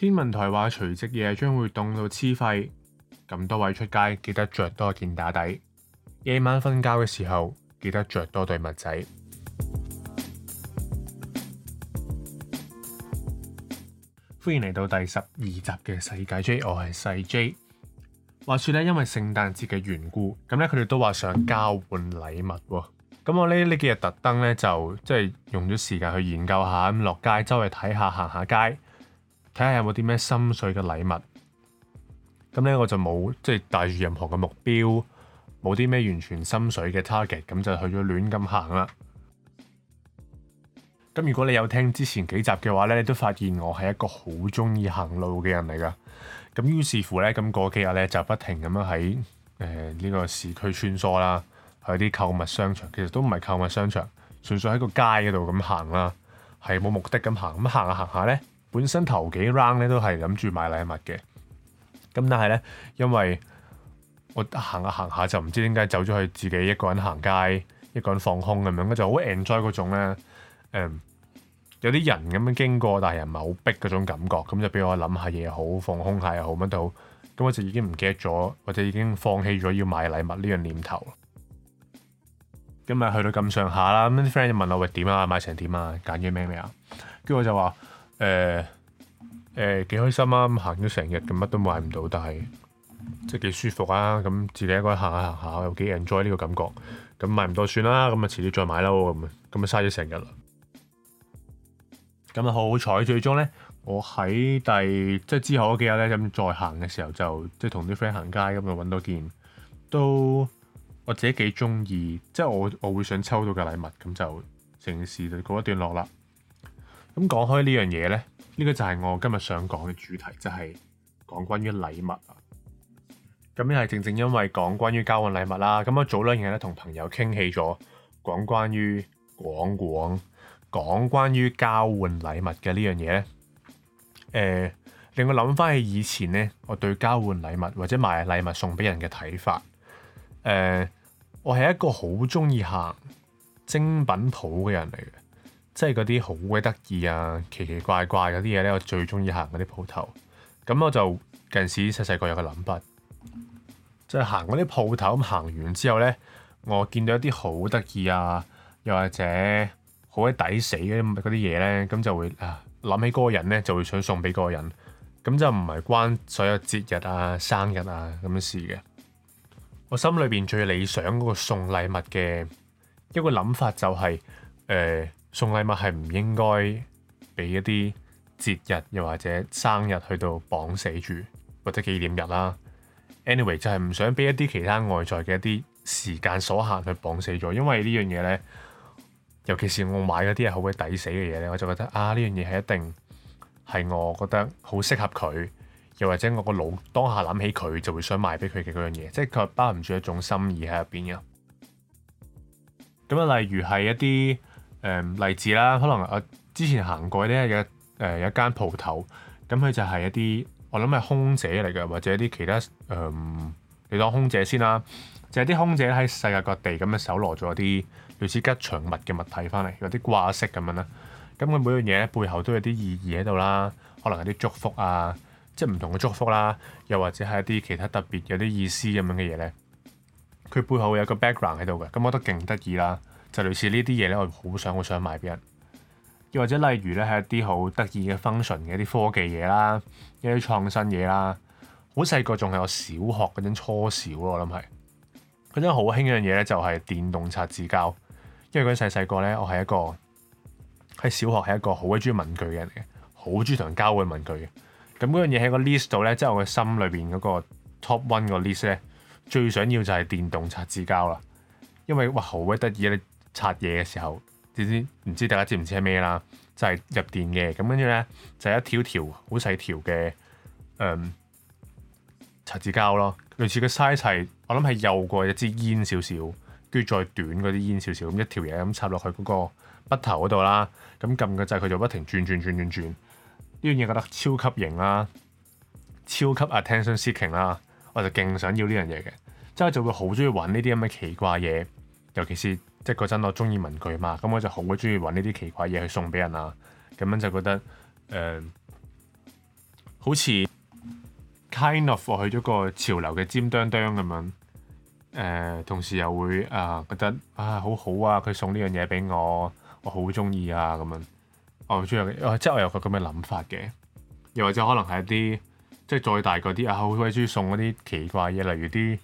天文台話除夕夜將會凍到黐肺，咁多位出街記得着多件打底，夜晚瞓覺嘅時候記得着多對襪仔。 歡迎嚟到第十二集嘅世界 J，我係細 J。話說咧，因為聖誕節嘅緣故，咁咧佢哋都話想交換禮物。咁我呢，幾呢幾日特登咧就即係、就是、用咗時間去研究下，咁落街周圍睇下，行下街。睇下有冇啲咩心水嘅禮物，咁咧我就冇即係帶住任何嘅目標，冇啲咩完全心水嘅 target，咁就去咗亂咁行啦。咁如果你有聽之前幾集嘅話咧，你都發現我係一個好中意行路嘅人嚟噶。咁於是乎咧，咁個幾日咧就不停咁樣喺誒呢個市區穿梭啦，去啲購物商場，其實都唔係購物商場，純粹喺個街嗰度咁行啦，係冇目的咁行，咁行下行下咧。本身頭幾 round 咧都係諗住買禮物嘅，咁但係咧，因為我行下行下就唔知點解走咗去自己一個人行街，一個人放空咁樣，我就好 enjoy 嗰種咧。誒、嗯，有啲人咁樣經過，但係又唔係好逼嗰種感覺，咁就俾我諗下嘢好，放空下又好乜都好。咁我就已經唔記得咗，或者已經放棄咗要買禮物呢樣念頭。咁咪去到咁上下啦，咁啲 friend 就問我喂，點啊，買成點啊，揀咗咩未啊？跟住我就話。誒誒，幾開心啊！行咗成日，咁乜都買唔到，但係即係幾舒服啊！咁自己一個人行下行下，又幾 enjoy 呢個感覺。咁買唔到算啦，咁啊遲啲再買啦。咁咁啊，嘥咗成日啦。咁啊，好彩最終咧，我喺第即係之後嗰幾日咧咁再行嘅時候，就即係同啲 friend 行街咁就搵到件都我自己幾中意，即係我我會想抽到嘅禮物。咁就成件事告一段落啦。咁講開呢樣嘢呢，呢個就係我今日想講嘅主題，就係講關於禮物。咁又係正正因為講關於交換禮物啦，咁我早兩日咧同朋友傾起咗，講關於廣廣講關於交換禮物嘅呢樣嘢呢，令我諗翻起以前呢，我對交換禮物或者買禮物送俾人嘅睇法。誒、呃，我係一個好中意行精品鋪嘅人嚟嘅。即係嗰啲好鬼得意啊，奇奇怪怪嗰啲嘢咧，我最中意行嗰啲鋪頭。咁我就近時細細個有個諗法，即係行嗰啲鋪頭咁行完之後咧，我見到一啲好得意啊，又或者好鬼抵死嘅嗰啲嘢咧，咁就會啊諗起嗰個人咧，就會想送俾嗰個人。咁就唔係關所有節日啊、生日啊咁樣嘅事嘅。我心裏邊最理想嗰個送禮物嘅一個諗法就係誒，呃送禮物係唔應該俾一啲節日，又或者生日去到綁死住，或者紀念日啦。Anyway 就係唔想俾一啲其他外在嘅一啲時間所限去綁死咗，因為呢樣嘢呢，尤其是我買嗰啲係好鬼抵死嘅嘢呢，我就覺得啊呢樣嘢係一定係我覺得好適合佢，又或者我個腦當下諗起佢就會想買俾佢嘅嗰樣嘢，即係佢包含住一種心意喺入邊嘅。咁啊，例如係一啲。誒例子啦，可能我之前行過咧嘅誒有一間鋪頭，咁佢就係一啲我諗係空姐嚟嘅，或者一啲其他誒、嗯，你當空姐先啦。就係、是、啲空姐喺世界各地咁樣搜羅咗啲類似吉祥物嘅物體翻嚟，有啲掛飾咁樣啦。咁佢每樣嘢咧背後都有啲意義喺度啦，可能有啲祝福啊，即係唔同嘅祝福啦、啊，又或者係一啲其他特別有啲意思咁樣嘅嘢咧。佢背後會有個 background 喺度嘅，咁我覺得勁得意啦。就類似呢啲嘢咧，我好想好想買俾人；又或者例如咧，係一啲好得意嘅 function 嘅一啲科技嘢啦，一啲創新嘢啦。好細個仲係我小學嗰陣初小咯，我諗係嗰陣好興一樣嘢咧，就係電動擦字膠。因為嗰陣細細個咧，我係一個喺小學係一個好鬼中意文具嘅人嚟嘅，好中意同人交換文具嘅。咁嗰樣嘢喺個 list 度咧，即係我嘅心裏邊嗰個 top one 個 list 咧，最想要就係電動擦字膠啦。因為哇，好鬼得意啊！擦嘢嘅時候，點知唔知？大家知唔知係咩啦？就係入電嘅咁，跟住咧就係一條條好細條嘅誒擦紙膠咯，類似嘅 size 係我諗係幼過一支煙少少，跟住再短嗰啲煙少少咁一條嘢咁插落去嗰個筆頭嗰度啦。咁撳嘅掣，佢就不停轉轉轉轉轉呢樣嘢，覺得超級型啦，超級 attention seeking 啦，我就勁想要呢樣嘢嘅，即係就會好中意揾呢啲咁嘅奇怪嘢，尤其是。即係嗰陣，我中意文具嘛，咁我就好鬼中意揾呢啲奇怪嘢去送俾人啊。咁樣就覺得誒、呃，好似 kind of 去咗個潮流嘅尖釘釘咁樣誒、呃。同時又會啊覺得啊好好啊，佢送呢樣嘢俾我，我好中意啊。咁樣我好中意，即係我有個咁嘅諗法嘅。又或者可能係一啲即係再大嗰啲啊，好鬼中意送嗰啲奇怪嘢，例如啲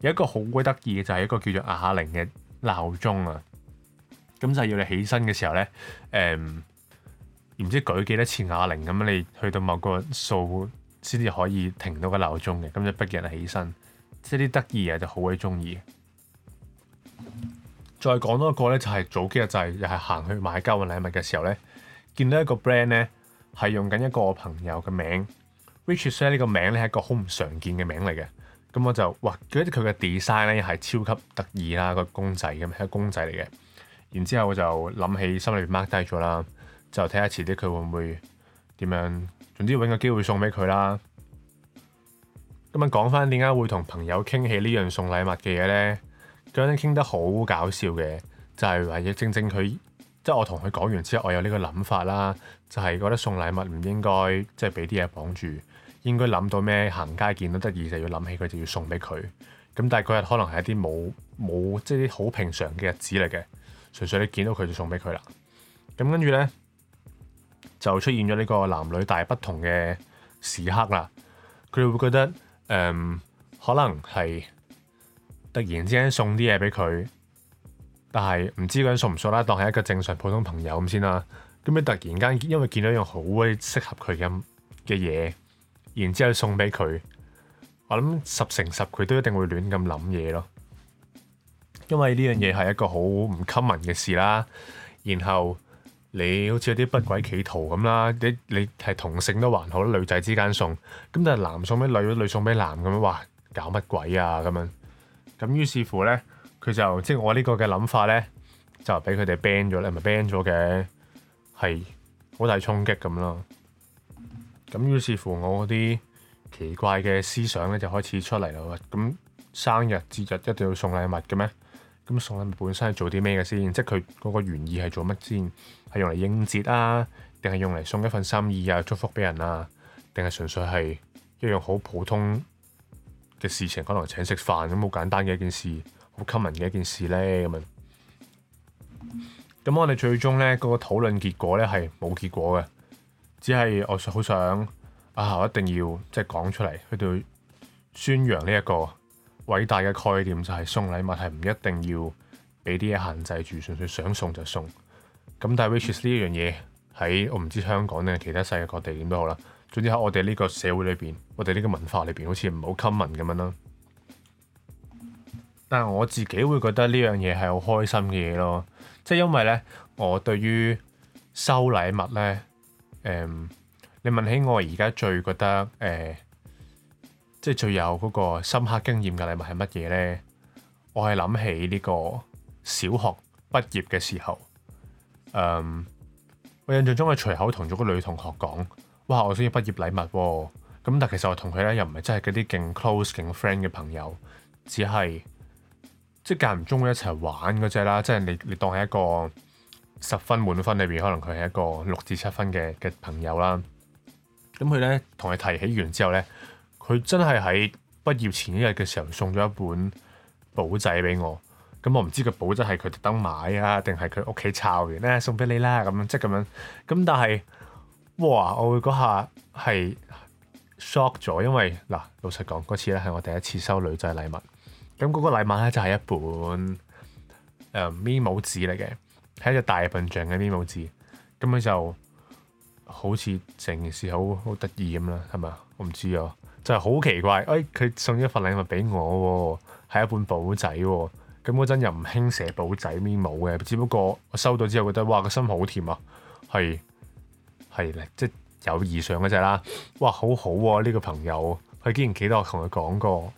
有一個好鬼得意嘅就係、是、一個叫做壓下鈴嘅。鬧鐘啊，咁就係要你起身嘅時候咧，誒、嗯、唔知舉幾多次啞鈴咁樣，你去到某個數先至可以停到個鬧鐘嘅，咁就逼人起身。即係啲得意嘢就好鬼中意。嗯、再講多一個咧，就係早幾日就係又係行去買交換禮物嘅時候咧，見到一個 brand 咧係用緊一個朋友嘅名，Richard Sayer 呢個名咧係一個好唔常見嘅名嚟嘅。咁我就哇，覺得佢嘅 design 咧係超級得意啦，個公仔咁係個公仔嚟嘅。然之後我就諗起心裏面 mark 低咗啦，就睇下遲啲佢會唔會點樣。總之要揾個機會送俾佢啦。今日講翻點解會同朋友傾起呢樣送禮物嘅嘢呢？嗰陣傾得好搞笑嘅，就係話亦正正佢即係我同佢講完之後，我有呢個諗法啦，就係覺得送禮物唔應該即係俾啲嘢綁住。應該諗到咩行街見到得意，就要諗起佢就要送俾佢咁。但係日可能係一啲冇冇即係啲好平常嘅日子嚟嘅，純粹你見到佢就送俾佢啦。咁跟住咧就出現咗呢個男女大不同嘅時刻啦。佢哋會覺得誒、呃，可能係突然之間送啲嘢俾佢，但係唔知嗰送唔送啦，當係一個正常普通朋友咁先啦。咁你突然間因為見到一樣好鬼適合佢咁嘅嘢。然之後送俾佢，我諗十成十佢都一定會亂咁諗嘢咯，因為呢樣嘢係一個好唔 common 嘅事啦。然後你好似有啲不軌企圖咁啦，你你係同性都還好，女仔之間送，咁但係男送俾女，女送俾男咁樣，哇，搞乜鬼啊咁樣。咁於是乎呢，佢就即係我呢個嘅諗法呢，就俾佢哋 ban 咗你唔係 ban 咗嘅，係好大衝擊咁咯。咁於是乎，我嗰啲奇怪嘅思想咧就開始出嚟啦。咁生日節日一定要送禮物嘅咩？咁送禮物本身係做啲咩嘅先？即係佢嗰個原意係做乜先？係用嚟應節啊，定係用嚟送一份心意啊、祝福俾人啊，定係純粹係一樣好普通嘅事情，可能請食飯咁好簡單嘅一件事，好 common 嘅一件事咧咁啊。咁我哋最終咧嗰個討論結果咧係冇結果嘅。只係我好想啊！我一定要即係講出嚟，去到宣揚呢一個偉大嘅概念，就係送禮物係唔一定要俾啲嘢限制住，純粹想送就送咁。但係 which is 呢樣嘢喺我唔知香港定係，其他世界各地點都好啦。總之喺我哋呢個社會裏邊，我哋呢個文化裏邊，好似唔好 common 咁樣啦。但係我自己會覺得呢樣嘢係好開心嘅嘢咯，即係因為呢，我對於收禮物呢。誒，um, 你問起我而家最覺得誒，uh, 即係最有嗰個深刻經驗嘅禮物係乜嘢咧？我係諗起呢個小學畢業嘅時候，誒、um,，我印象中係隨口同咗個女同學講，哇，我想要畢業禮物，哦，咁但其實我同佢咧又唔係真係嗰啲勁 close 勁 friend 嘅朋友，只係即係間唔中會一齊玩嗰隻啦，即係你你當係一個。十分滿分裏邊，可能佢係一個六至七分嘅嘅朋友啦。咁佢咧同佢提起完之後咧，佢真係喺畢業前一日嘅時候送咗一本簿仔俾我。咁我唔知個簿仔係佢特登買啊，定係佢屋企抄完咧送俾你啦。咁樣即係咁樣。咁但係，哇！我會嗰下係 shock 咗，因為嗱，老實講，嗰次咧係我第一次收女仔禮物。咁嗰個禮物咧就係、是、一本誒 Memo 紙嚟嘅。呃係一隻大笨象嘅面冇字，咁佢就好似成件事好好得意咁啦，係咪啊？我唔知啊，就係、是、好奇怪，誒、哎、佢送咗份禮物俾我喎、啊，係一本簿仔喎、啊，咁嗰陣又唔興寫簿仔面冇嘅，只不過我收到之後覺得，哇個心好甜啊，係係即友誼上嗰隻啦，哇好好喎、啊、呢、呢個朋友，佢竟然記得我同佢講過，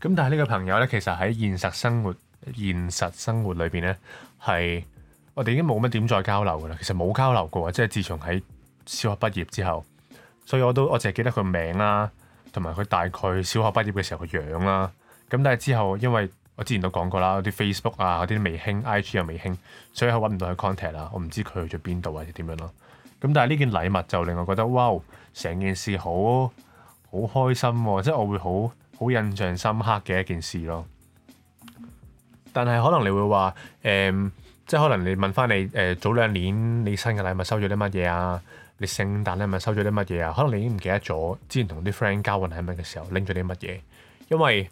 咁但係呢個朋友咧，其實喺現實生活。現實生活裏邊咧，係我哋已經冇乜點再交流噶啦。其實冇交流過啊，即係自從喺小學畢業之後，所以我都我凈係記得佢名啦、啊，同埋佢大概小學畢業嘅時候個樣啦、啊。咁但係之後，因為我之前都講過啦，啲 Facebook 啊，嗰啲未興，IG 又未興，所以係揾唔到佢 contact 啦、啊。我唔知佢去咗邊度或者點樣咯。咁但係呢件禮物就令我覺得，哇！成件事好好開心、啊，即係我會好好印象深刻嘅一件事咯。但係可能你會話，誒、呃，即係可能你問翻你，誒、呃，早兩年你生日禮物收咗啲乜嘢啊？你聖誕禮物收咗啲乜嘢啊？可能你已經唔記得咗之前同啲 friend 交換禮物嘅時候拎咗啲乜嘢，因為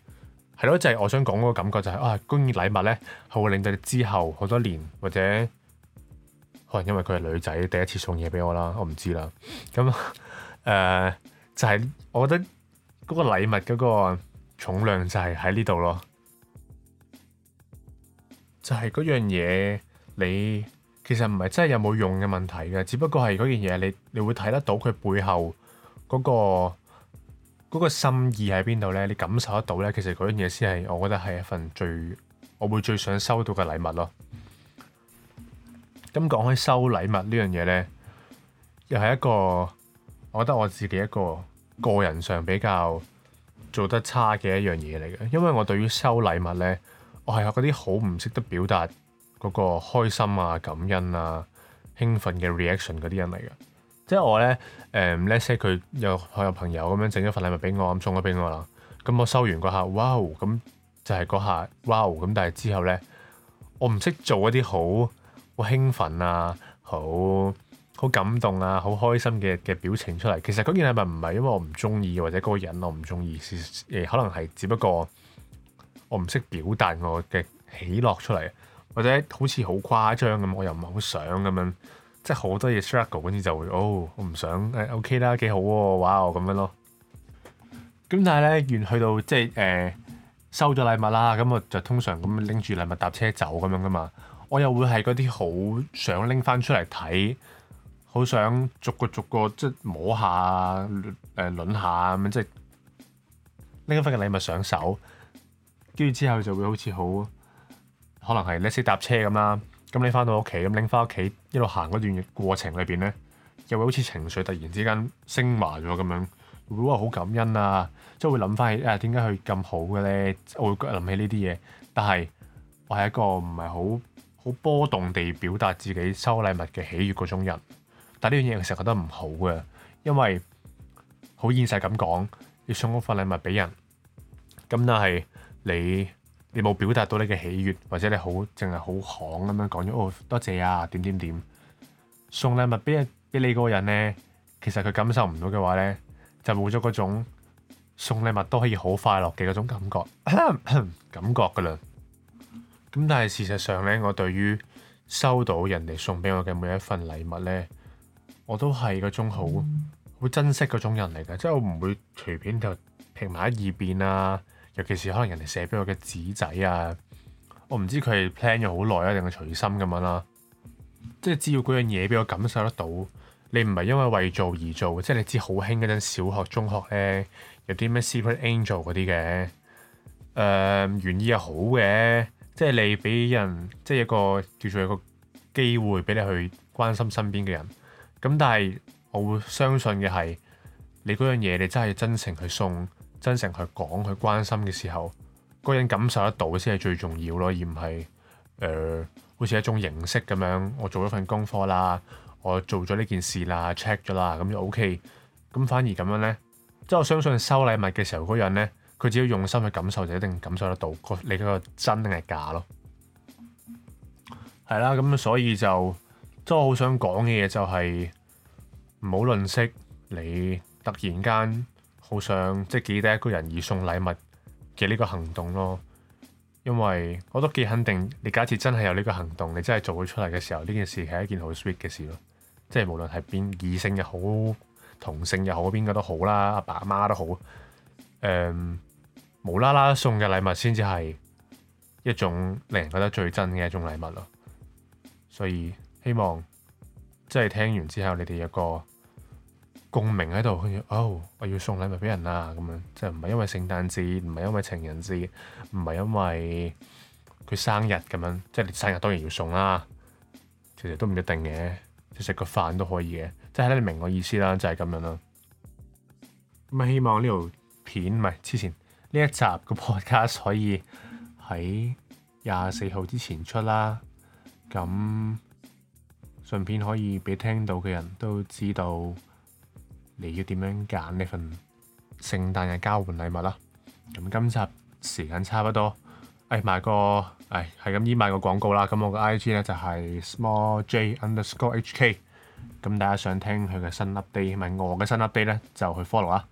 係咯，就係、是、我想講嗰個感覺就係、是、啊，關於禮物咧，係會令到你之後好多年或者可能因為佢係女仔第一次送嘢俾我啦，我唔知啦。咁、嗯、誒、呃，就係、是、我覺得嗰個禮物嗰個重量就係喺呢度咯。但係嗰樣嘢，你其實唔係真係有冇用嘅問題嘅，只不過係嗰樣嘢你你會睇得到佢背後嗰個嗰個心意喺邊度呢？你感受得到呢？其實嗰樣嘢先係我覺得係一份最我會最想收到嘅禮物咯。咁講開收禮物呢樣嘢呢，又係一個我覺得我自己一個個人上比較做得差嘅一樣嘢嚟嘅，因為我對於收禮物呢。我係學嗰啲好唔識得表達嗰個開心啊、感恩啊、興奮嘅 reaction 嗰啲人嚟嘅，即係我咧誒，let’s say 佢有佢有朋友咁樣整咗份禮物俾我，咁送咗俾我啦。咁、嗯、我收完嗰下，哇、哦！咁就係嗰下，哇、哦！咁但係之後咧，我唔識做一啲好好興奮啊、好好感動啊、好開心嘅嘅表情出嚟。其實嗰件禮物唔係因為我唔中意，或者嗰個人我唔中意，誒、呃、可能係只不過。我唔識表達我嘅喜樂出嚟，或者好似好誇張咁，我又唔係好想咁樣，即係好多嘢 struggle，跟住就會哦，我唔想誒、哎、OK 啦，幾好喎、啊，哇，咁樣咯。咁但係咧，完去到即係誒、呃、收咗禮物啦，咁我就通常咁樣拎住禮物搭車走咁樣噶嘛。我又會係嗰啲好想拎翻出嚟睇，好想逐個逐個即係摸下誒輪下咁樣，即係拎翻個禮物上手。跟住之後就會好似好可能係你識搭車咁啦。咁你翻到屋企咁拎翻屋企一路行嗰段嘅過程裏邊咧，又會好似情緒突然之間升華咗咁樣，會好感恩啊，即係會諗翻起啊點解佢咁好嘅咧？我會諗起呢啲嘢。但係我係一個唔係好好波動地表達自己收禮物嘅喜悅嗰種人。但係呢樣嘢其實覺得唔好嘅，因為好現實咁講，要送一份禮物俾人，咁但係。你你冇表達到你嘅喜悅，或者你好淨係好行咁樣講咗哦，多謝啊，點點點，送禮物俾俾你嗰個人呢，其實佢感受唔到嘅話呢，就冇咗嗰種送禮物都可以好快樂嘅嗰種感覺 感覺㗎喇。咁但係事實上呢，我對於收到人哋送俾我嘅每一份禮物呢，我都係嗰種好好珍惜嗰種人嚟嘅，即係我唔會隨便就平埋喺一邊啊！尤其是可能人哋寫俾我嘅紙仔啊，我唔知佢係 plan 咗好耐啊，定係隨心咁樣啦、啊。即係只要嗰樣嘢俾我感受得到，你唔係因為為做而做，即係你知好興嗰陣小學、中學咧有啲咩 Secret Angel 嗰啲嘅。誒、呃，原意係好嘅，即係你俾人即係一個叫做一個機會俾你去關心身邊嘅人。咁但係我會相信嘅係你嗰樣嘢，你，你真係真情去送，真誠去講去關心嘅時候，嗰人感受得到先係最重要咯，而唔係誒，好、呃、似一種形式咁樣，我做咗份功課啦，我做咗呢件事啦，check 咗啦，咁就 OK。咁反而咁樣呢，即係我相信收禮物嘅時候，嗰人呢，佢只要用心去感受，就一定感受得到個你嗰個真定係假咯。係啦，咁所以就即係我好想講嘅嘢就係唔好吝嗇，論你突然間。好想即係記得一個人而送禮物嘅呢個行動咯，因為我都幾肯定，你假設真係有呢個行動，你真係做咗出嚟嘅時候，呢件事係一件好 sweet 嘅事咯。即係無論係邊異性又好，同性又好，邊個都好啦，阿爸阿媽都好，誒無啦啦送嘅禮物先至係一種令人覺得最真嘅一種禮物咯。所以希望即係聽完之後，你哋有個共鳴喺度，哦，我要送禮物俾人啦，咁樣即係唔係因為聖誕節，唔係因為情人節，唔係因為佢生日咁樣，即係生日當然要送啦。其實都唔一定嘅，即食個飯都可以嘅，即係你明我意思啦，就係咁樣啦。咁希望呢條片，唔係之前呢一集嘅 podcast 可以喺廿四號之前出啦。咁順便可以俾聽到嘅人都知道。你要點樣揀呢份聖誕日交換禮物啦？咁今集時間差不多，誒、哎、賣個誒係咁依賣個廣告啦。咁我嘅 IG 咧就係、是、Small J Underscore HK。咁大家想聽佢嘅新 update 係咪 up？我嘅新 update 咧就去 follow 啊！